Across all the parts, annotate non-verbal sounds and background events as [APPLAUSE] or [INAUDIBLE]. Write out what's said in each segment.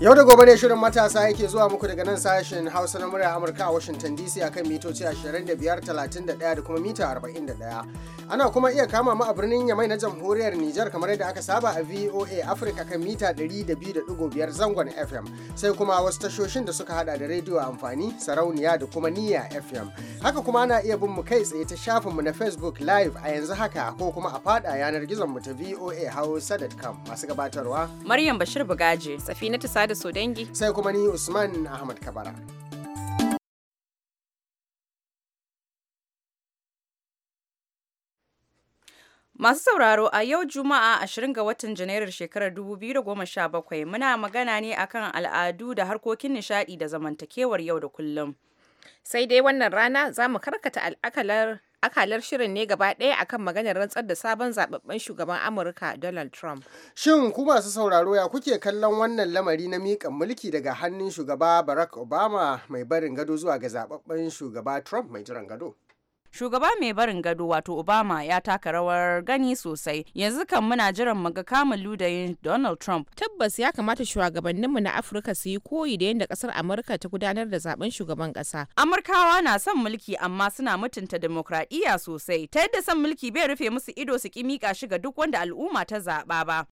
Yau da gobe ne shirin matasa yake zuwa muku daga nan sashen Hausa na murya Amurka a washinton DC akan mitoci 25, 31 da kuma mita 41. Ana kuma iya kama mu a birnin Yamai na jamhuriyar Nijar kamar yadda aka saba a VOA Africa kan mita 102.5 zangon FM sai kuma wasu tashoshin da suka hada da rediyo amfani sarauniya da kuma niyya FM. Haka kuma ana iya bin mu kai tsaye ta shafin mu na Facebook Live a yanzu haka ko kuma a fada yanar gizon mu ta VOA Hausa.com masu gabatarwa. Maryam Bashir Bugaje, Safina da Sodangi. Sai kuma ni Usman Ahmad Kabara. Masu sauraro a yau Juma'a 20 ga watan Janairar shekarar 2017 muna magana ne akan al'adu da harkokin nishadi da zamantakewar yau da kullum. Sai dai wannan rana za mu karkata al'akalar akalar shirin ne gaba ɗaya akan maganar rantsar da sabon zababben shugaban amurka donald trump shin ku masu sauraro ya kuke kallon wannan lamari na miƙan mulki daga hannun shugaba barack obama mai barin gado zuwa ga zababben shugaba trump mai jiran gado shugaba mai barin gado wato obama ya taka rawar gani sosai yanzu kan muna jiran maga kamun ludayin donald trump tabbas ya kamata shugabanninmu na afirka su yi koyi da yadda kasar amurka ta gudanar da zaben shugaban kasa amurkawa na son mulki amma suna mutunta demokradiyya sosai ta yadda son mulki bai rufe musu ido su ki miƙa shi ga duk wanda al'umma ta zaɓa ba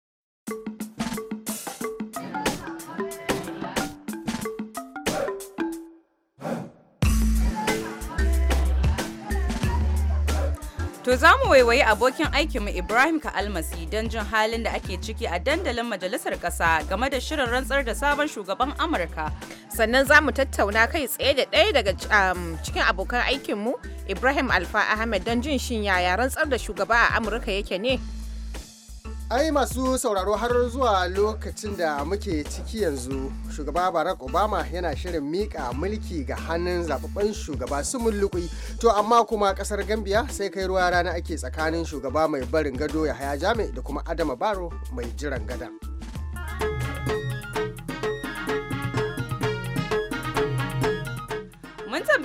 To za mu waiwayi abokin aikinmu Ibrahim Ka' Ka'almasi don jin halin da ake ciki a dandalin majalisar ƙasa game da shirin rantsar da sabon shugaban Amurka. Sannan za mu tattauna kai tsaye da ɗaya daga cikin abokan aikinmu Ibrahim Alfa Ahmed don jin shin yaya rantsar da shugaba a Amurka yake ne. ai masu sauraro har zuwa lokacin da muke ciki yanzu shugaba barack obama yana shirin mika mulki ga hannun zababben shugaba su mulluƙi to amma kuma ƙasar gambia sai kai ruwa rana ake tsakanin shugaba mai barin gado ya haya jami da kuma adama baro mai jiran gada.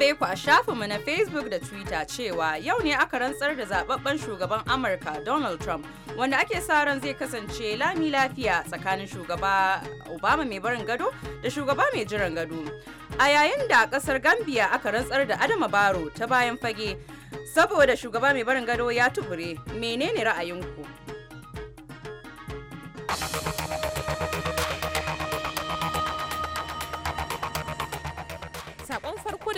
tambaye ku a shafinmu na Facebook da Twitter cewa yau ne aka rantsar da zababben shugaban Amurka Donald Trump wanda ake sa ran zai kasance lami lafiya tsakanin shugaba Obama mai barin gado da shugaba mai jiran gado. A yayin da kasar Gambia aka rantsar da Adama Baro ta bayan fage saboda shugaba mai barin gado ya tubure menene ra'ayinku?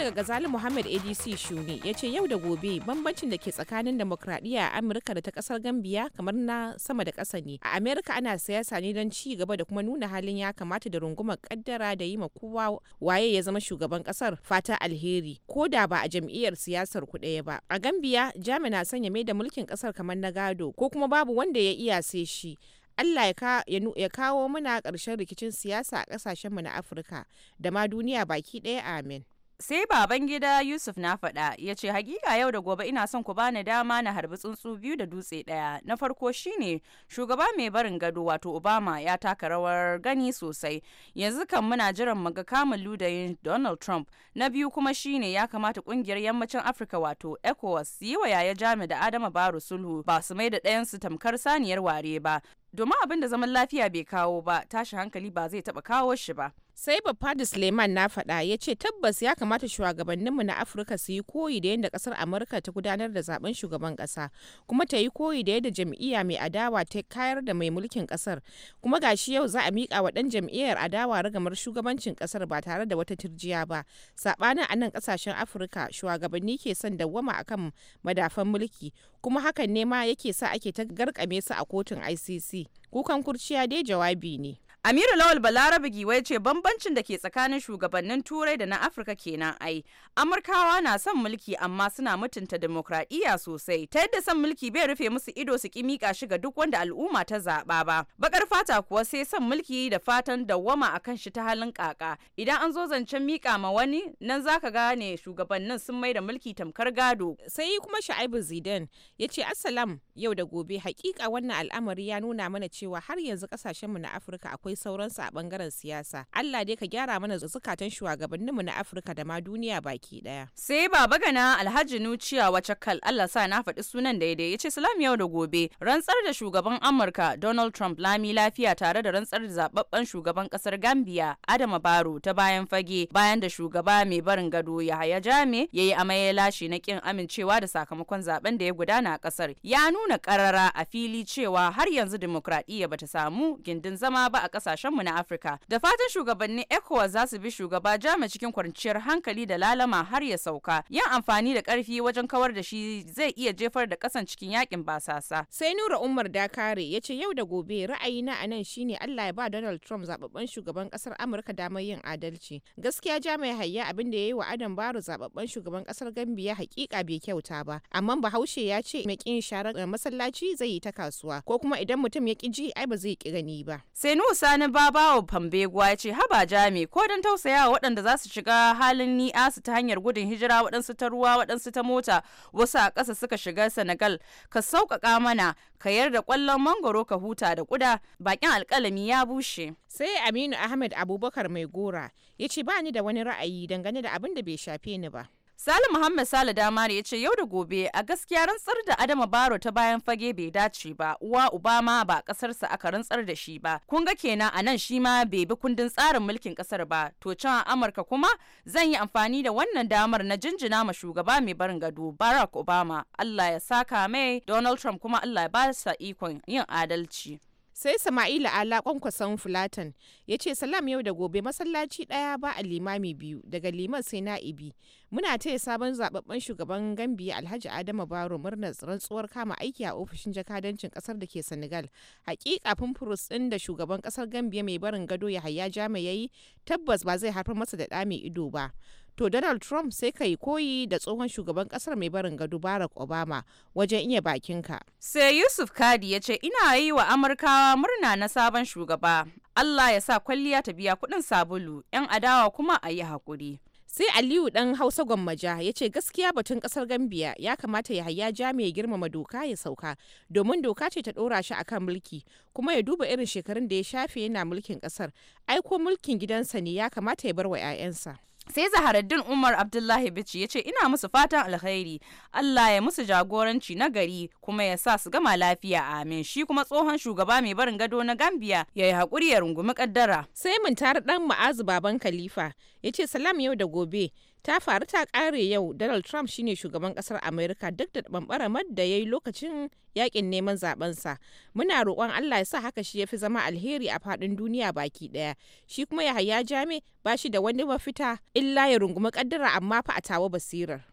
daga Gazali Muhammad ADC Shuni ya ce yau da gobe bambancin da ke tsakanin demokradiyya a Amurka da ta kasar Gambiya kamar na sama da ƙasa ne. A Amerika ana siyasa ne don ci gaba da kuma nuna halin ya kamata da rungumar kaddara da yi ma kowa waye ya zama shugaban ƙasar fata alheri ko da ba a jam'iyyar siyasar ku ɗaya ba. A Gambiya jami na sanya mai da mulkin ƙasar kamar na gado ko kuma babu wanda ya iya sai shi. Allah ya kawo muna ƙarshen rikicin siyasa a ƙasashenmu na Afirka da ma duniya baki ɗaya amin. sai baban gida yusuf na faɗa ya ce hakika yau da gobe ina son ku bani dama na harbi tsuntsu biyu da dutse ɗaya na farko shine shugaba mai barin gado wato obama ya taka rawar gani sosai yanzu kan muna jiran maga kamun ludayin donald trump na biyu kuma shine ya kamata kungiyar yammacin afirka wato ecowas yi wa yaya jami da adama baro sulhu ba su mai da su tamkar saniyar ware ba domin abin da zaman lafiya bai kawo ba tashi hankali ba zai taɓa kawo shi ba sai da suleiman na faɗa ya ce tabbas ya kamata shugabanninmu na afirka su yi koyi da yadda ƙasar amurka ta gudanar da zaben shugaban ƙasa kuma ta yi koyi da yadda jam'iyya mai adawa ta kayar da mai mulkin ƙasar kuma gashi yau za a miƙa wa ɗan jam'iyyar adawa ragamar shugabancin ƙasar ba tare da wata turjiya ba saɓanin a nan ƙasashen afirka shugabanni ke son dawwama akan madafan mulki kuma hakan ne ma yake sa ake ta garƙame su a kotun icc kukan kurciya dai jawabi ne Amiru Lawal Balarabe Giwai ce bambancin da ke tsakanin shugabannin Turai da na Afirka kenan ai. Amurkawa na son mulki amma suna mutunta demokradiyya sosai ta yadda son mulki bai rufe musu ido su ki mika shi ga duk wanda al'umma ta zaɓa ba. Bakar fata kuwa sai son mulki da fatan dawwama akan shi ta halin kaka. Idan an zo zancen mika ma wani nan zaka gane shugabannin sun mai da mulki tamkar gado. Sai kuma Sha'ibu Zidan ya ce Assalam yau da gobe hakika wannan al'amari ya nuna mana cewa har yanzu kasashenmu na Afirka akwai akwai sauransu a bangaren siyasa Allah dai ka gyara mana zukatan shugabanninmu na Afirka da ma duniya baki daya sai baba gana Alhaji Nuciya wace kal Allah sa na faɗi sunan daidai yace salam yau da gobe rantsar da shugaban Amurka Donald Trump lami lafiya tare da rantsar da zababben shugaban kasar Gambia Adama baro ta bayan fage bayan da shugaba mai barin gado Yahaya Jame yayi amaye lashi na kin amincewa da sakamakon zaben da ya gudana a kasar ya nuna karara a fili cewa har yanzu dimokuraɗiyya bata samu gindin zama ba a kasashenmu na Afirka. Da fatan shugabannin ECOWAS za su bi shugaba Jami cikin kwanciyar hankali da lalama har ya sauka. Yin amfani da ƙarfi wajen kawar da shi zai iya jefar da ƙasan cikin yakin basasa. Sai Nura Umar Dakare ya ce yau da gobe ra'ayi na a nan shine Allah ya ba Donald Trump zababben shugaban ƙasar Amurka damar yin adalci. Gaskiya Jami Hayya abin da ya yi wa Adam Baro zababben shugaban ƙasar Gambia hakika bai kyauta ba. Amma Bahaushe ya ce mai kin sharar masallaci zai yi ta kasuwa ko kuma idan mutum ya ki ji ai ba zai ki gani ba. Sai Nusa Sani Babawo Pambegwa ya ce haba jami ko don tausaya wa waɗanda za su shiga halin ni'asu ta hanyar gudun hijira waɗansu ta ruwa waɗansu ta mota wasu a ƙasa suka shiga Senegal ka sauƙaƙa mana ka yarda ƙwallon mangoro ka huta da ƙuda bakin alƙalami ya bushe. Sai Aminu Ahmed Abubakar mai gora ya ce ba ni da wani ra'ayi dangane da abin da bai shafe ni ba. Salim Muhammad Sale Damari ya ce yau da gobe a gaskiya rantsar da Adama Baro ta bayan fage bai dace ba uwa obama ba kasarsa aka rantsar da shi ba kun ga kenan a nan shi ma bai bi kundin tsarin mulkin kasar ba to can a Amurka kuma zan yi amfani da wannan damar na jinjina ma shugaba mai barin gado Barack Obama Allah ya saka mai Donald Trump kuma Allah ya ba sa ikon yin adalci. sai sama'ila ala kwankwason fulatan ya ce salam yau da gobe masallaci ɗaya ba a limami biyu daga liman sai na'ibi muna taya sabon zababben shugaban gambiya alhaji adama baro murnar rantsuwar kama aiki a ofishin jakadancin ƙasar da ke senegal hakika furus ɗin da shugaban kasar gambiya mai barin gado ya haya jami tabbas ba zai haifar masa da ɗa mai ido ba to donald trump sai ka yi koyi da tsohon shugaban kasar mai barin gado barack obama wajen iya bakinka sai yusuf kadi ya ce ina yi wa amurkawa murna na sabon shugaba allah ya sa kwalliya ta biya kudin sabulu 'yan adawa kuma a yi hakuri. sai aliyu dan hausa gwammaja ya ce gaskiya batun kasar gambia ya kamata ya haya ja ya girmama doka ya sauka domin doka ce ta dora shi akan mulki kuma ya duba irin shekarun da ya shafe yana mulkin kasar aiko mulkin gidansa ne ya kamata ya bar wa 'ya'yansa sai zaharaddin umar abdullahi bici ya ce ina musu fatan alkhairi allah ya musu jagoranci na gari kuma ya sa su gama lafiya amin shi kuma tsohon shugaba mai barin gado na gambia ya yi haƙuri ya rungumi kaddara sai mun tara dan ma'azu baban khalifa ya ce salam yau da gobe ta faru ta kare yau donald trump shine shugaban kasar america duk da bambaramar da ya yi lokacin yakin neman zabensa muna roƙon allah ya sa haka shi ya fi zama alheri a faɗin duniya baki ɗaya shi kuma yahaya jami ba shi da wani mafita illa ya rungumi kaddara amma fa a tawo basirar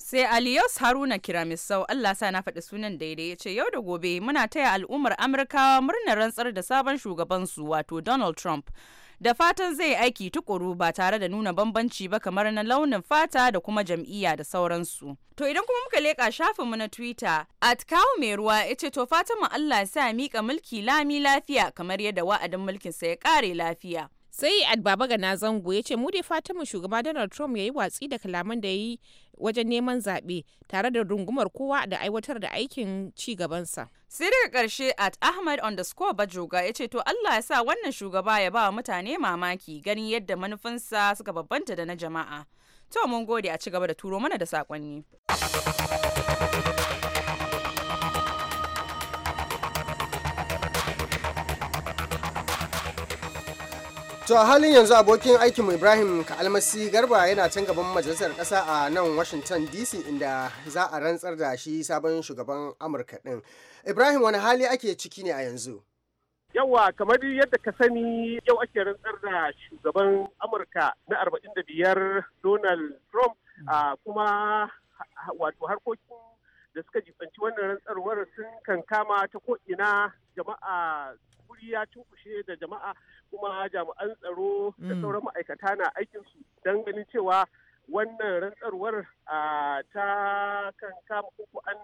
sai aliyos haruna kiramisau allah sa na faɗi sunan daidai ya ce yau da gobe muna taya al'ummar amurkawa murnar rantsar da sabon shugabansu wato donald trump da fatan zai aiki tukuru ba tare da nuna bambanci ba kamar na launin fata da kuma jam'iyya da sauransu. To idan kuma muka leƙa shafinmu na Twitter, at mai ruwa ya ce to fatan mu Allah sa miƙa mulki lami lafiya kamar yadda wa'adin mulkinsa ya ƙare lafiya. sai ga na zango ya ce mu dai mu shugaba donald trump ya yi watsi da kalaman da ya yi wajen neman zaɓe tare da rungumar kowa da aiwatar da aikin ci gabansa sai daga ƙarshe at ahmad underscore bajoga ya ce to allah ya sa wannan shugaba ya ba wa mutane mamaki ganin yadda manufinsa suka babbanta da na jama'a to mun gode a ci gaba da turo mana da saƙonni To a halin yanzu abokin aikinmu Ibrahim Almasi Garba yana can gaban majalisar kasa a nan Washington DC inda za a rantsar da shi sabon shugaban Amurka din Ibrahim wani hali ake ciki ne a yanzu? Yawa kamar yadda ka sani yau ake rantsar da shugaban Amurka na 45 Donald Trump hmm. a kuma wato harkokin da suka jibanci wannan rantsarwar sun kan kama ta ko'ina jama'a guri ya cunkushe da jama'a kuma jami'an tsaro da mm. sauran ma'aikata na aikinsu don ganin cewa wannan rantsarwar ta kan kama uku an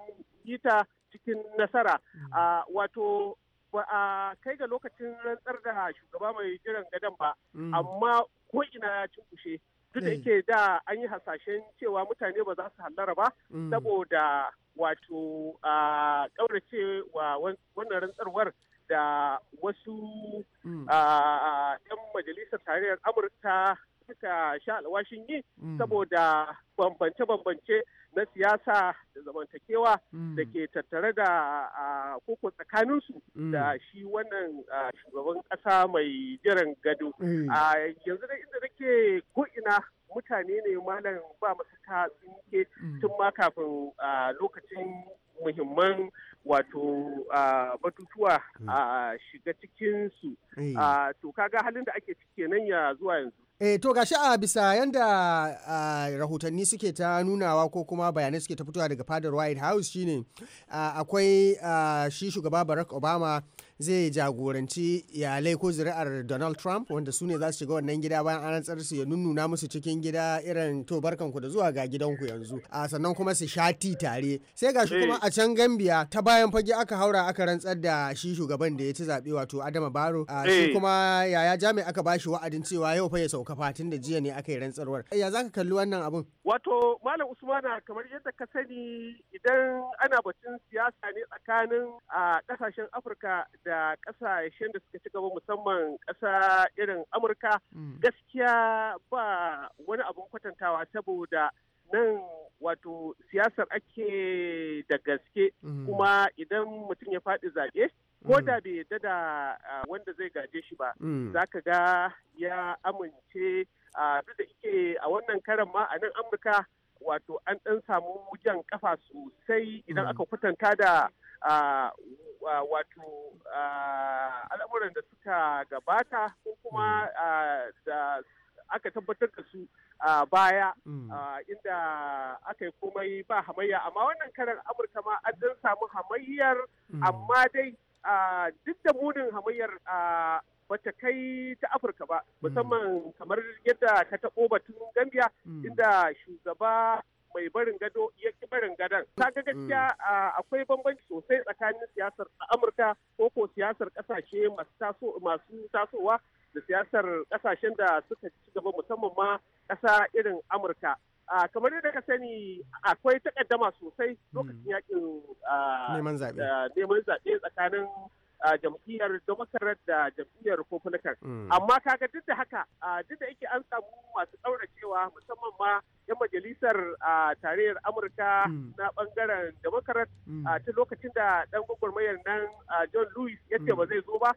yi ta cikin nasara mm. wato ba a kai ga lokacin rantsar da shugaba mai jiran gadon ba mm. amma ko'ina ina ya cunkushe duk da eh. yake da an yi hasashen cewa mutane ba za su hallara ba saboda wato ƙaurace wa wannan rantsarwar da wasu mm. 'yan majalisar tarayyar amurka suka sha alwashin yi mm. saboda bambance-bambance na siyasa da zamantakewa mm. da ke tattare da koko tsakaninsu da shi wannan shugaban ƙasa mai jiran gado. Eh. Yanzu da inda nake ko'ina mutane ne malam ba masu ta tsinke mm. tun ma kafin lokacin muhimman wato batutuwa mm. a shiga cikinsu eh. to kaga halin da ake cike nan ya zuwa yanzu E, to gashi a bisa yanda rahotanni suke ta nunawa ko kuma bayanai suke ta fitowa daga fadar white house shine akwai shi shugaba barack obama zai jagoranci iyalai ko zuri'ar Donald Trump wanda su ne za su shiga wannan gida bayan an rantsar su ya nunnuna musu cikin gida irin to barkan da zuwa ga gidanku yanzu a sannan kuma su sha ti tare sai ga gashi kuma eh. a can Gambia ta bayan fage aka haura aka rantsar da shi shugaban da ya ci zaɓe wato Adama Baro a shi eh. kuma yaya jami aka bashi wa'adin cewa yau fa ya sauka fatin da jiya ne aka yi rantsarwar ya zaka kalli wannan abun wato malam Usmana kamar yadda ka sani idan ana batun siyasa ne tsakanin a kasashen Afirka da da kasashen da suka ci gaba musamman ƙasa irin amurka mm. gaskiya ba wani abun kwatantawa saboda nan wato siyasar ake da gaske mm. kuma idan mutum ya faɗi zaɓe ko mm. da bai yadda da ah, wanda zai gaje shi ba za ka ga ya amince ah, duk da ike a wannan karan ma a nan amurka wato an ɗan samu jan kafa sosai idan aka kwatanta da wato al'amuran da suka gabata ko kuma hmm. da aka tabbatar da su a baya hmm. inda aka yi komai ba hamayya amma wannan karar amurka ma an dan samu hamayyar hmm. amma dai duk da munin hamayyar bata kai ta afirka ba musamman kamar yadda ka taɓo batun gambia inda shugaba mai barin gado ya ki barin gadon Ta ga gaskiya mm. akwai bambanci sosai tsakanin siyasar amurka ko ko siyasar kasashe masu tasowa da siyasar kasashen da suka ci gaba musamman ma kasa irin amurka kamar yadda ka sani akwai takaddama sosai mm. lokacin yakin neman zaɓe tsakanin jam'iyyar Democrat da jam'iyyar republican mm. amma kaga duk da haka duk da yake an samu masu ɗaura cewa musamman ma 'yan majalisar tarayyar amurka hmm. na bangaren democrat ta hmm. lokacin da dan gwagwarmayar nan john lewis ya ce hmm. ba zai zo ba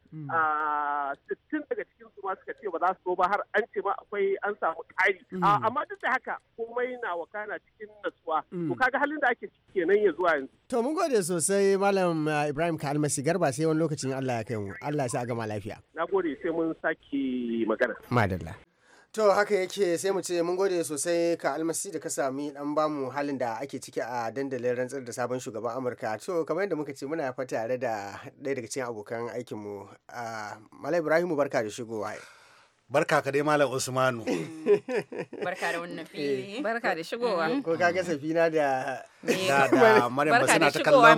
sittin daga cikin su ma suka ce ba za su zo ba har an ce ma akwai an samu ƙari amma duk da haka komai na wakana cikin natsuwa ko kaga halin da ake ciki kenan ya zuwa yanzu to mun gode sosai malam ibrahim ka almasi garba sai wani lokacin allah ya kai mu allah ya sa a gama lafiya na gode sai mun sake magana madalla To haka yake sai mu ce mun gode sosai ka almasi da ka sami dan bamu halin da ake ciki a dandalin rantsar da sabon shugaban Amurka. To kamar yadda muka ce muna fa tare da ɗaya daga cikin abokan aikinmu. Malai Ibrahimu barka da shigowa. barka ka dai malam usmanu [LAUGHS] barka da wannan fili eh. barka da shigowa mm. ko ka ga safina da da da maryam suna ta kallon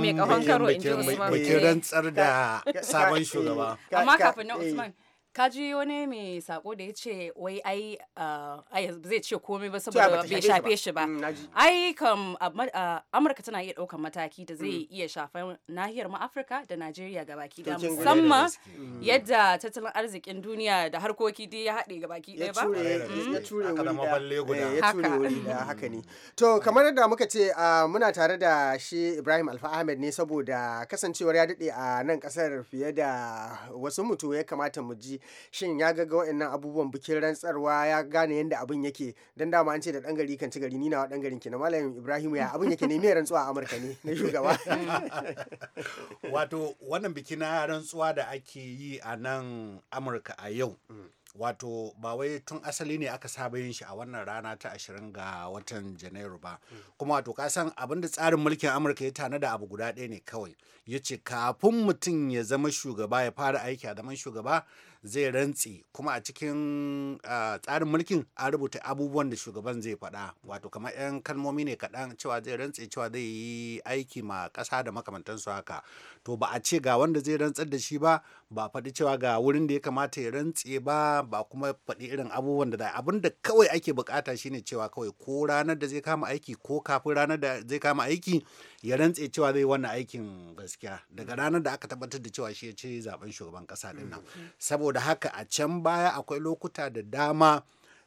bikin eh. rantsar da sabon shugaba amma kafin na eh. usman ka ji wani mai sako da ya ce wai ai ah, zai ce komai ba saboda bai shafe shi ba mm, ai kam ah, ah, amurka tana iya ɗaukan mataki da zai mm. iya shafan nahiyar mu afirka da najeriya gabaki da musamman mm. yadda tattalin arzikin duniya da harkoki dai ya haɗe gabaki ɗaya ba ya ture wuri eh, ya ture wuri da haka ne to kamar yadda muka ce muna tare da shi ibrahim alfa ahmed ne saboda kasancewar ya daɗe a nan ƙasar fiye da wasu mutu ya kamata mu ji shin ya ga wa'annan abubuwan bikin rantsarwa ya gane yadda abin yake dan dama an ce da dangari kan ci gari ni na dan garin na malam Ibrahim ya abin yake ne me rantsuwa a Amurka ne na shugaba [LAUGHS] wato wannan biki na rantsuwa da ake yi a nan Amurka a yau wato ba wai tun asali ne aka saba yin shi a wannan rana ta 20 ga watan janairu ba kuma wato ka san abin da tsarin mulkin amurka ya tana da abu guda ɗaya ne kawai ya ce kafin mutum ya zama shugaba ya fara aiki a zaman shugaba zai rantse kuma a cikin tsarin mulkin a rubuta abubuwan da shugaban zai faɗa wato kamar 'yan kalmomi ne kaɗan cewa zai rantse cewa zai yi aiki ma ƙasa da makamantansu haka to ba a ce ga wanda zai rantsar da shi ba ba faɗi cewa ga wurin da ya kamata ya rantse ba ba kuma faɗi irin abubuwan da abin da kawai ake bukata shine cewa kawai ko ranar da zai kama aiki ko kafin ranar da zai kama aiki ya rantse cewa zai wannan aikin gaskiya daga ranar da aka tabbatar da cewa shi ya ce zaben shugaban kasa din mm-hmm. saboda haka a can baya akwai lokuta da dama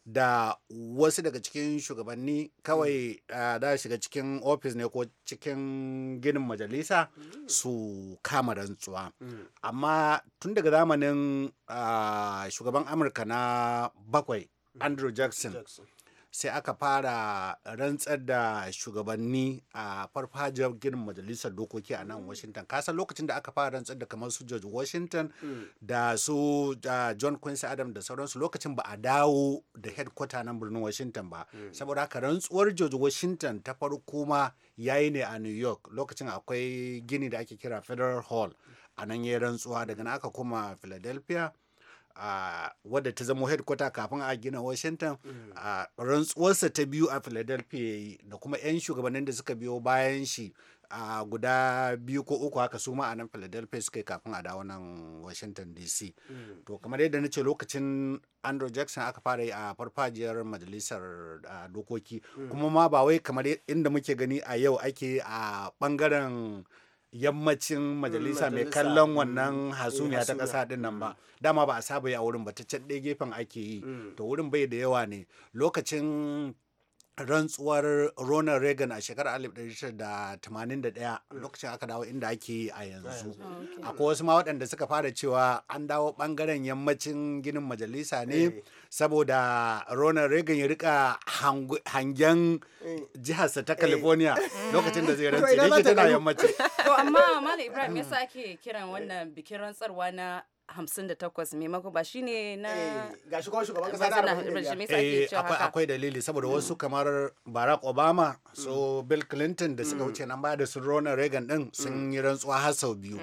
da wasu daga cikin shugabanni kawai da ah, shiga cikin ofis ne ko cikin ginin majalisa su kama rantsuwa amma tun daga zamanin ah, shugaban amurka na bakwai andrew jackson, jackson. sai aka fara rantsar da shugabanni a farfajiyar ginin majalisar dokoki a nan mm. washington kasan lokacin da aka fara rantsar da kamar su george washington mm. da su john quincy adam da sauransu lokacin ba a dawo da headquarter nan birnin washington ba mm. saboda haka rantsuwar george washington ta farko ma yayi ne a new york lokacin akwai gini da ake kira federal hall a nan ya rantsuwa daga nan aka koma philadelphia a wadda ta zama headquarter kafin a gina washington mm. a rantsuwarsa ta biyu a philadelphia da kuma 'yan shugabannin da suka biyo bayan shi a guda biyu ko uku haka su ma a nan philadelphia suka yi kafin a dawo nan washington dc mm. to kamar yadda na ce lokacin andrew jackson aka fara yi a farfajiyar majalisar dokoki mm. kuma ma ba wai kamar inda muke gani a yau ake a bangaren yammacin majalisa mai kallon mm. wannan eh, hasumiya ta ƙasa din nan ba mm. dama ba a saba yi wurin ba ta can ɗaya gefen ake yi mm. to wurin bai da yawa ne lokacin rantsuwar Ronald Reagan a shekarar 1981 lokacin aka dawo inda ake yi a yanzu. Oh, Akwai wasu ma waɗanda suka fara cewa an dawo ɓangaren yammacin ginin majalisa ne eh. saboda Ronald Reagan ya rika hangen eh. jiharsa ta eh. California [LAUGHS] lokacin da zai rantse da yake tana yammaci. [LAUGHS] To amma Malam Ibrahim mm. yasa ake kiran wannan bikin rantsarwa na 58 maimako ba shine na eh, gashi kuma shugaban kasa da akwai akwai dalili saboda mm. wasu kamar Barack Obama so mm. Bill Clinton da suka wuce nan ba da su Ronald Reagan din sun yi rantsuwa har sau biyu.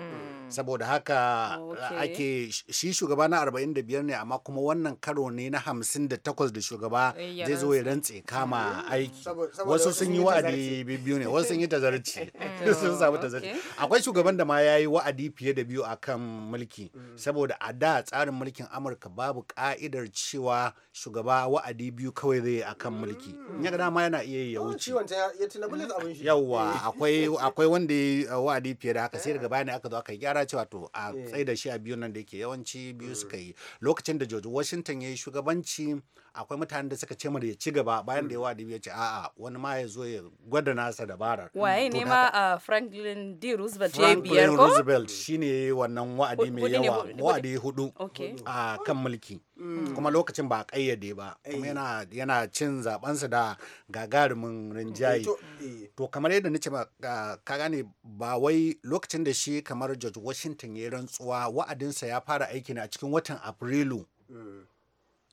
Mm. saboda haka ake shi shugaba na 45 ne amma kuma wannan karo ne na 58 da shugaba zai zo ya rantse kama mm. aiki wasu sun yi wa'adi biyu ne wasu sun yi tazarci [LAUGHS] [LAUGHS] sun samu tazarci akwai shugaban da ma ya yi wa'adi fiye da biyu akan mulki mm. saboda a da tsarin mulkin amurka babu ka'idar cewa shugaba wa'adi biyu kawai zai akan mulki in ya ga dama yana iya ya wuce yawwa [LAUGHS] akwai wanda ya wa'adi fiye da haka sai eh. daga bayan aka zo aka gyara kara cewa to a eh. da shi a biyu nan da yake yawanci biyu mm. suka yi lokacin da George Washington ya yi shugabanci akwai mutanen da suka ce mu da ya ci gaba bayan da yawa mm. dibi ya ce a'a wani ma ya zo ya gwada nasa dabarar waye ne ma a Franklin D Roosevelt ya biyar ko Franklin Roosevelt ne wannan wa'adi mai yawa wa'adi hudu a kan mulki mm. kuma lokacin ba a kayyade ba eh. kuma yana cin zaɓensa da gagarumin rinjaye to eh. kamar yadda nace ba ka gane ba wai lokacin da shi kamar George Washington ya rantsuwa wa'adinsa ya fara aiki ne a cikin watan Afrilu mm.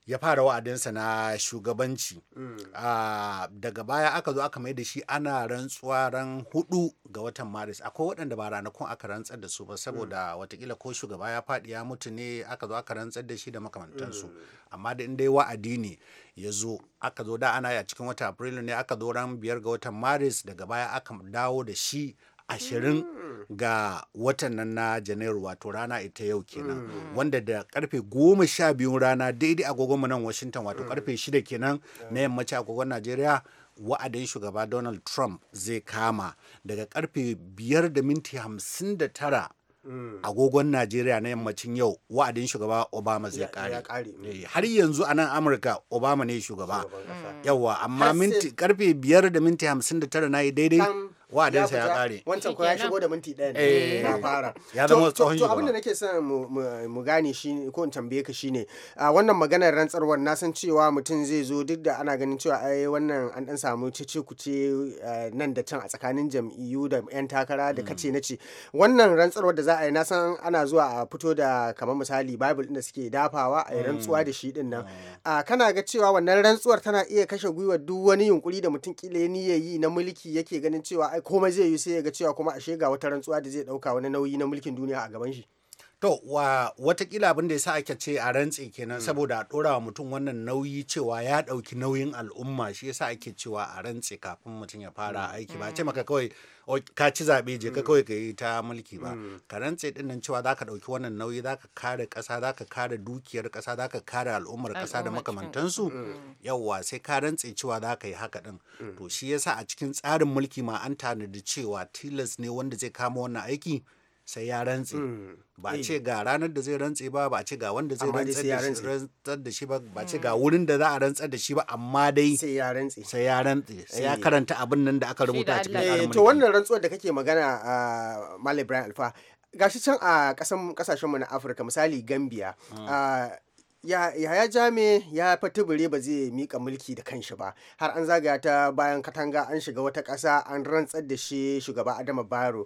ya fara wa'adinsa na shugabanci mm. ah, daga baya aka zo aka mai da shi ana rantsuwa ran hudu ga watan maris akwai waɗanda ba ranakun aka rantsar da su ba saboda mm. watakila ko shugaba ya faɗi ya mutu ne aka zo aka rantsar da shi da makamantansu mm. amma da in dai wa'adi ne ya zo aka zo da ana a cikin wata afrilu ne aka zo ran biyar ga watan maris daga baya aka dawo da shi ashirin mm. ga watan nan na janairu wato rana ita yau kenan mm. wanda da karfe goma sha biyu rana daidai agogonmu nan washington wato mm. karfe shida kenan na yammaci agogon najeriya wa'adin shugaba donald trump zai kama daga karfe biyar da minti hamsin da tara agogon Najeriya na yammacin yau wa'adin shugaba Obama zai kare. Eh, har yanzu a nan Amurka Obama ne shugaba. yawa amma karfe biyar da minti hamsin da tara na yi daidai sa ya kare wancan ko ya shigo da minti ɗaya ne eh, ya fara ya zama tsohon to abin da nake son mu gane shi ko in tambaye ka shine a wannan maganar rantsarwar na san cewa mutum zai zo duk da ana ganin cewa ai wannan an dan samu cece kuce nan da can a tsakanin jam'iyyu da yan takara da kace na ce wannan rantsarwar da za a yi na san ana zuwa a fito da kamar misali bible din da suke dafawa a yi mm. rantsuwa da shi din nan mm. kana ga cewa wannan rantsuwar tana iya kashe gwiwar duk wani yunkuri da mutum kila ya yi na mulki yake ganin cewa ai komai zai yi sai ya ga cewa kuma ashe ga wata rantsuwa da zai dauka wani nauyi na mulkin duniya a gaban shi To, wa watakila abin da ya sa ake ce a rantse kenan hmm. saboda a ɗora wa mutum wannan nauyi cewa ya ɗauki nauyin al'umma shi yasa ake cewa a rantse kafin mutum ya fara hmm. aiki ba. Ce hmm. maka kawai ka ci zaɓe je ka kawai ka yi ta mulki ba. Ka rantse ɗin nan cewa zaka ɗauki wannan nauyi zaka kare ƙasa zaka kare dukiyar ƙasa zaka kare al'ummar ƙasa da makamantansu. Yawwa sai ka rantse cewa zaka yi haka ɗin. To shi yasa a cikin tsarin mulki ma an tanadi cewa tilas ne wanda zai kama wannan aiki. sai ya rantse hmm. ba eh. ce ga ranar da zai rantse ba ba ce ga wanda zai rantsar da shi ba ba ce ga hmm. wurin da za a rantsar da shi ba amma dai sai ya rantse sai ya eh. karanta abin nan da aka rubuta cikin alamun eh, to wannan rantsuwar da kake magana ah, Malam Ibrahim Alfa gashi can a kasan kasashen mu na Afirka misali Gambia hmm. ah, yahaya jami ya fatubure ba zai mika mulki da kanshi ba har an zagaya ta bayan katanga an shiga wata ƙasa an rantsar da shi shugaba adama baro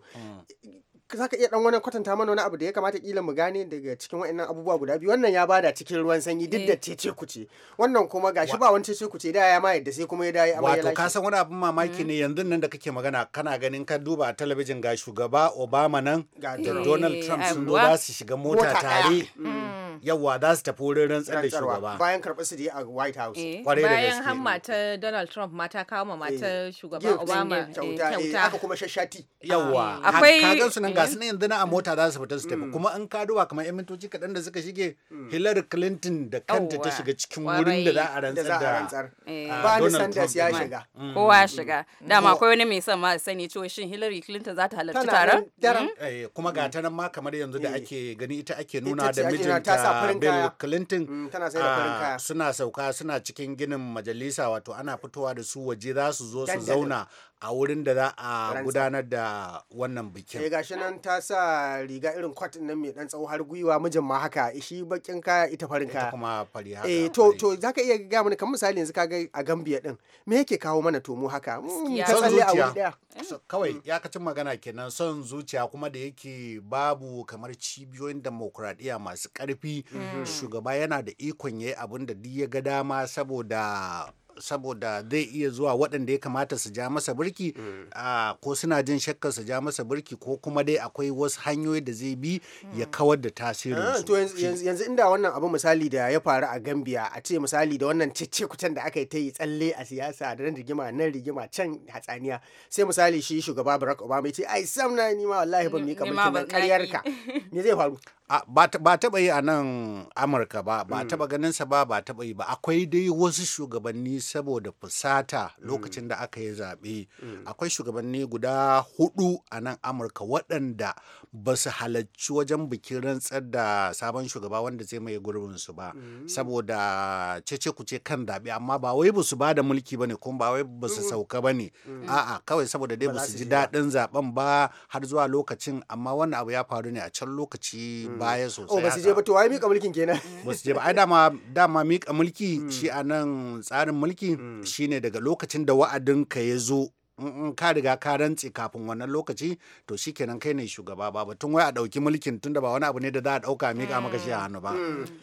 za ka iya dan wani kwatanta mana wani abu da ya kamata kila mu gane daga cikin wa'annan abubuwa guda biyu wannan ya bada cikin ruwan sanyi duk da eh. cece kuce wannan kuma gashi ba wani cece kuce da ya ma yadda sai kuma ya dai amma ya wato ka san wani abin mamaki ne mm. yanzu nan da kake magana kana ganin ka duba a talabijin ga shugaba Obama nan da Donald Trump sun zo za eh, su shiga mota tare mm. Mm. Mm. yawa za su tafi wurin rantsar da shugaba bayan karɓar su a white house eh, kwarai da gaske bayan hamma ta donald trump ma ta kawo ma mata eh, shugaba obama eh, kyauta aka kuma shashati yawa mm. akwai kagan su nan ga su yanzu na a mota za su fita su tafi mm. kuma an ka duba kamar yan mintoci kaɗan da suka shige hillary clinton da kanta ta shiga cikin wurin da za a rantsar da ah, bernie ya shiga kowa ya shiga dama akwai wani mai son ma sani cewa shin hillary clinton za ta halarci taron kuma ga ta nan ma kamar yanzu da ake gani ita ake nuna da mijinta sa Clinton mm, ah, suna sauka suna cikin ginin majalisa wato ana fitowa da su waje za su zo su zauna a wurin da za a gudanar da wannan bikin. Eh gashi nan ta sa riga irin kwat nan mai dan tsawo har gwiwa mijin ma haka shi bakin kaya ita farin ka Ita kuma fari haka. Eh to to zaka iya ga mana kan misali yanzu kaga a Gambia din me yake kawo mana tomo haka? Ta mm, tsalle a wuri daya. Kawai mm. ya kacin magana kenan son zuciya kuma da yake babu kamar cibiyoyin demokuraɗiyya masu karfi mm. shugaba yana da ikon yayi abin da duk ya ga dama saboda saboda zai iya zuwa waɗanda ya kamata su ja masa birki mm. ah, ko suna jin shakkar su ja masa birki ko kuma dai akwai wasu hanyoyi da zai bi ya mm. kawar da tasirin ah, to yanzu inda wannan abu misali da ya faru a Gambia a ce misali da wannan cece kucen da aka yi ta yi tsalle a siyasa da nan rigima nan rigima can hatsaniya sai misali shi shugaba Barack Obama ya ce ai sam na ni ma wallahi ban [LAUGHS] mika mulkin nan ka [LAUGHS] me zai faru ba taɓa yi a nan amurka ba ba mm. taɓa sa ba ba taɓa yi ba akwai dai wasu shugabanni saboda fusata lokacin mm. da aka yi zaɓe mm. akwai shugabanni guda hudu a nan amurka waɗanda ba su halarci wajen bikin rantsar da sabon shugaba wanda zai mai gurbin su ba saboda cece kuce kan zaɓe amma ba wai ba su ba da mulki ba ne kuma ba wai ba su sauka ba ne a'a kawai saboda dai ba su ji daɗin zaɓen ba har zuwa lokacin amma wannan abu ya faru ne a can lokaci baya mm. sosai oh ba su je ba to ai mika mulkin kenan [LAUGHS] ba su je ba ai dama dama mika mulki mm. shi a nan tsarin mulki mm. shine daga lokacin da wa'adin ka ya zo in ka riga ka rantse kafin wannan lokaci to shikenan kai ne shugaba ba batun wai a dauki mulkin tunda ba wani abu ne da za a dauka mika maka shi a hannu ba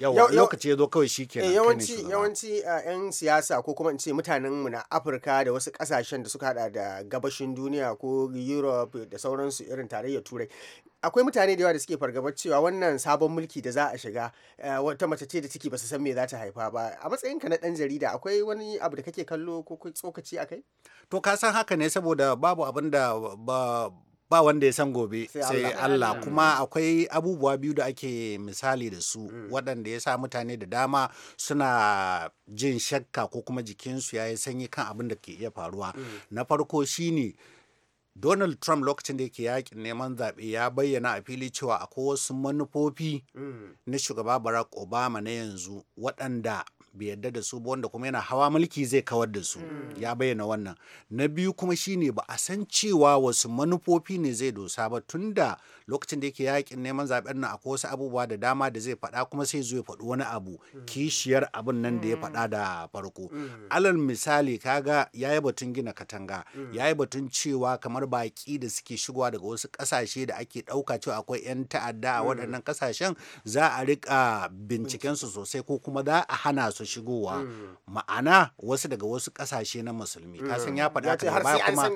yau lokaci ya zo kawai shikenan yawanci yawanci yan uh, siyasa ko kuma in ce mutanen mu na Afirka da wasu kasashen da suka hada da gabashin duniya ko Europe da sauransu irin tarayyar Turai akwai mutane da yawa da suke fargabar cewa wannan sabon mulki da za a shiga eh, wata mace ce da ciki ba su san me za ta haifa ba a matsayin ka na dan jarida akwai wani abu da kake kallo ko kai tsokaci akai to ka san haka ne saboda babu abin da ba ba wanda ya san gobe sai Allah mm. kuma akwai abubuwa biyu da ake misali da su mm. waɗanda ya sa mutane da dama suna jin shakka ko kuma jikinsu ya yi sanyi kan abin da ke iya faruwa mm. na farko shine Donald Trump lokacin da yake yakin neman zaɓe ya bayyana a fili cewa akwai wasu manufofi mm. na shugaba Barack Obama na yanzu waɗanda bai yadda da su ba wanda kuma yana hawa mulki zai kawar da su hmm. ya bayyana wannan na biyu kuma shine ba a san cewa wasu manufofi ne zai dosa ba tunda lokacin da yake yakin neman zaben nan akwai wasu abubuwa da dama da zai faɗa kuma sai zo ya faɗi wani abu hmm. kishiyar abin nan da ya faɗa hmm. da farko alal misali kaga yayi batun gina katanga yayi batun cewa kamar baki da suke shigowa daga wasu kasashe da ake ɗauka cewa akwai 'yan ta'adda a waɗannan ƙasashen za a riƙa bincikensu sosai ko kuma za a hana su masu shigowa mm. ma'ana wasu daga wasu kasashe na musulmi kasan mm. ya faɗa daga baya kuma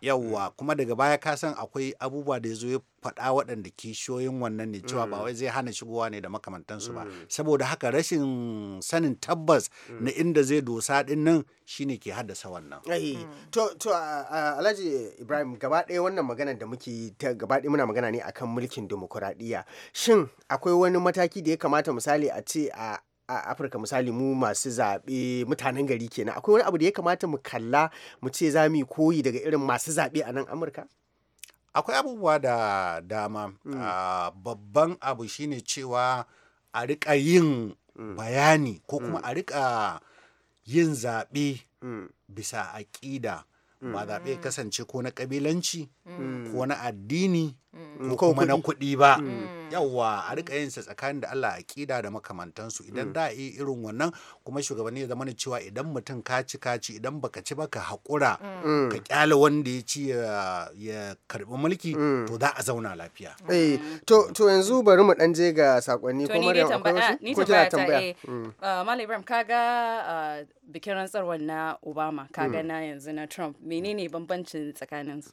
yawwa mm. kuma daga baya ka san akwai abubuwa da ya zo ya faɗa waɗanda kishiyoyin wannan ne cewa ba wai zai hana shigowa ne da makamantansu ba saboda haka rashin sanin tabbas na inda zai dosa ɗin nan shine ke haddasa wannan to to alhaji ibrahim gaba ɗaya wannan magana da muke ta gaba ɗaya muna magana ne akan mulkin demokuraɗiyya shin akwai wani mataki da ya kamata misali a ce a a afirka misali mu masu zaɓe mutanen gari kenan akwai wani abu da ya kamata mu kalla mu ce za mu koyi daga irin masu zaɓe a nan amurka akwai abubuwa da dama hmm. babban abu shine cewa a riƙa yin hmm. bayani ko kuma hmm. a riƙa yin zaɓe bisa aƙida ba zaɓe kasance ko na ƙabilanci ko na addini ko kuma na kuɗi ba mm. mm. yawwa a rika yin sa tsakanin da Allah aƙida da makamantansu idan da mm. yi irin wannan kuma shugabanni ya zamana cewa idan mutum ka ci ka ci idan baka ci ba ka haƙura ka kyale wanda ya ci ya karbi mulki to za a zauna lafiya eh to to yanzu bari mu dan je ga sakonni ko Maryam akwai wasu ko kina tambaya eh, uh, Malam Ibrahim kaga uh, bikin rantsarwar na Obama kaga na yanzu na Trump menene bambancin tsakanin su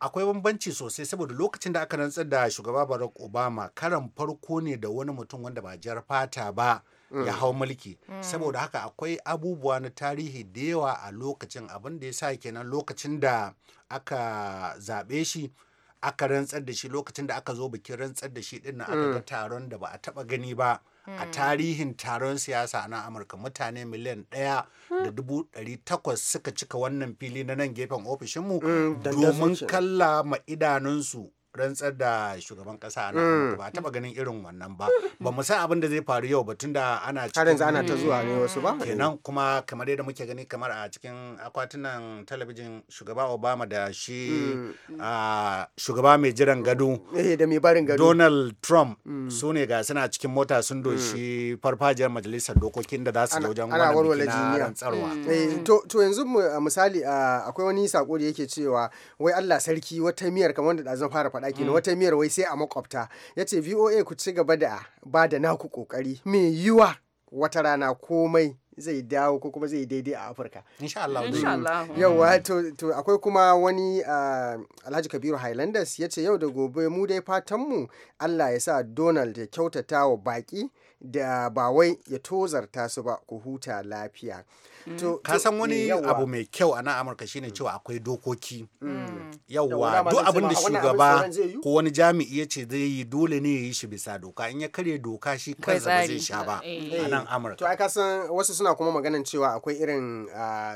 akwai bambanci sosai saboda lokacin da aka rantsar da shugaba barack obama karan farko ne da wani mutum wanda ba jar fata ba ya mm. hau mulki mm. saboda haka akwai abubuwa na tarihi da yawa a lokacin abin da ya sa kenan lokacin da aka zaɓe shi aka rantsar da shi lokacin da aka zo bikin rantsar da shi ɗin aka ga mm. taron da ba a taɓa gani ba a tarihin taron siyasa na amurka mutane miliyan ɗaya da dubu ɗari takwas suka cika wannan fili na nan gefen ofishinmu mm, domin kalla ma idanunsu rantsar da shugaban kasa na mm. ba taba ganin irin wannan ba ba mu san abin da zai faru yau ba tunda ana cikin ana ta zuwa ne wasu ba kenan kuma kamar yadda muke gani kamar a cikin akwatunan talabijin shugaba Obama da shi mm. shugaba mai jiran gado eh, da mai barin gado Donald Trump mm. su ne ga suna cikin mota sun doshi farfajiyar majalisar dokokin da za su je wajen wannan na eh, to yanzu misali akwai wani sako da yake cewa wai Allah sarki wata miyar kamar da zan fara faɗa faɗa na mm. wata miyar wai sai a makwabta ya ce voa ku ci gaba da ba da naku kokari mai yiwa wata rana komai zai dawo ko kuma zai daidai a afirka insha Allah mm. Mm. to akwai kuma wani ah, alhaji kabiru highlanders ya ce yau da gobe mu dai fatanmu allah ya sa donald ya kyautata wa baki da ba wai ya tozarta su ba ku huta lafiya mm. ka san wani eh, abu mai kyau a nan Amurka shine cewa akwai dokoki mm. mm. yawwa duk abin da shugaba ko wani jami'i ya ce zai yi dole ne ya yi shi bisa doka in ya karya doka shi kansa ba zai sha ba eh. a nan Amurka to ai ka san wasu suna kuma maganan cewa akwai irin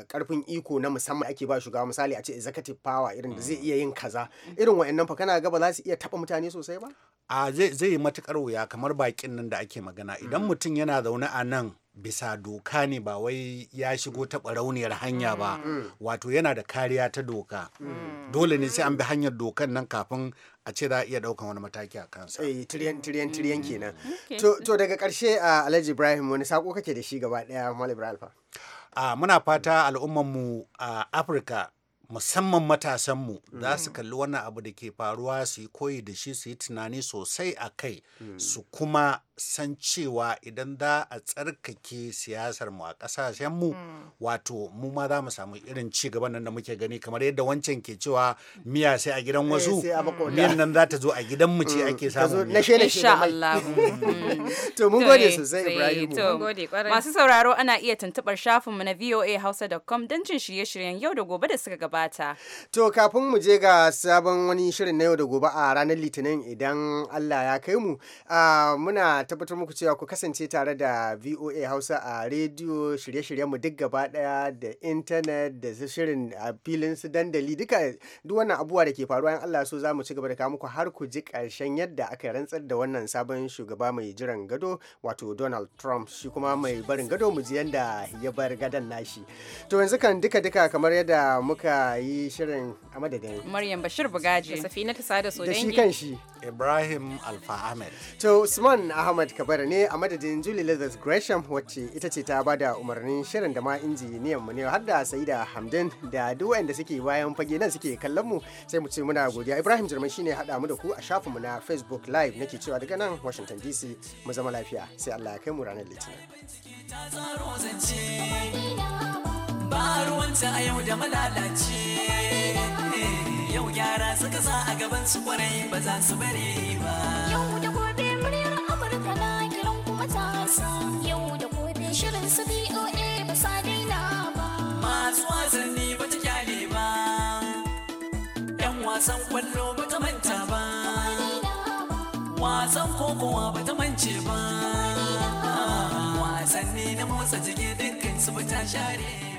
karfin ah, iko na musamman ake ba shugaba misali a ce executive power irin da zai iya yin kaza irin wa'annan fa kana ga ba za su iya taba mutane sosai ba a zai yi matukar wuya kamar bakin nan da ake magana idan mm. mutum yana zaune a nan bisa doka ne ba wai ya shigo taɓa rauniyar hanya ba mm. Mm. wato yana da kariya ta doka dole ne sai an bi hanyar dokan nan kafin a ce za a iya ɗaukan wani mataki a kansa eh tiriyan tiriyan tiriyan kenan to daga karshe a Alhaji Ibrahim wani sako kake da shi gaba daya Ibrahim muna fata al'ummar mu a Afirka musamman matasanmu za su mm. kalli wannan abu da ke faruwa su yi koyi da shi su yi tunani sosai a kai mm. su kuma san cewa idan za a tsarkake siyasar mu a ƙasashen mu mm. wato mu ma za mu samu irin ci gaban nan da muke gani kamar yadda wancan ke cewa miya sai a gidan eh, wasu miyan nan za ta zo a gidan mu ce ake mm. samu na shele Allah to mun gode sosai Ibrahim masu sauraro ana iya tuntubar shafin mu na voahausa.com don jin shirye-shiryen yau da gobe da suka gabata to kafin mu je ga sabon wani shirin na yau da gobe a ranar litinin idan Allah ya kai mu ah, muna tabbatar muku cewa ku kasance tare da VOA Hausa a rediyo shirye-shiryenmu duk gaba daya da intanet da shirin a filin su dandali duka duk wannan abubuwa da ke faruwa in Allah so za mu ci gaba da kawo muku har ku ji karshen yadda aka rantsar da wannan sabon shugaba mai jiran gado wato Donald Trump shi kuma mai barin gado mu ji yadda ya bar gadon nashi. To yanzu kan duka-duka kamar yadda muka yi shirin a madadin. Maryam Bashir Bugaji. Da Safina Da shi kan shi. Ibrahim Alfa Ahmed. To Usman ahmed Ahmad Kabara ne a madadin Julie Leathers Gresham wacce ita ce ta bada umarnin shirin da ma injiniyan mu ne har da Saida Hamdin da duk da suke bayan fage nan suke kallon mu sai mu ce muna godiya Ibrahim Jirman shine hada mu da ku a shafinmu na Facebook Live nake cewa daga nan Washington DC mu zama lafiya sai Allah ya kai mu ranar Litinin. da malalaci eh, yau gyara suka sa a gaban su kwarai ba za su bari ba. kowa ba ta mance ba wasanni na motsa jiki dukkan su ba ta share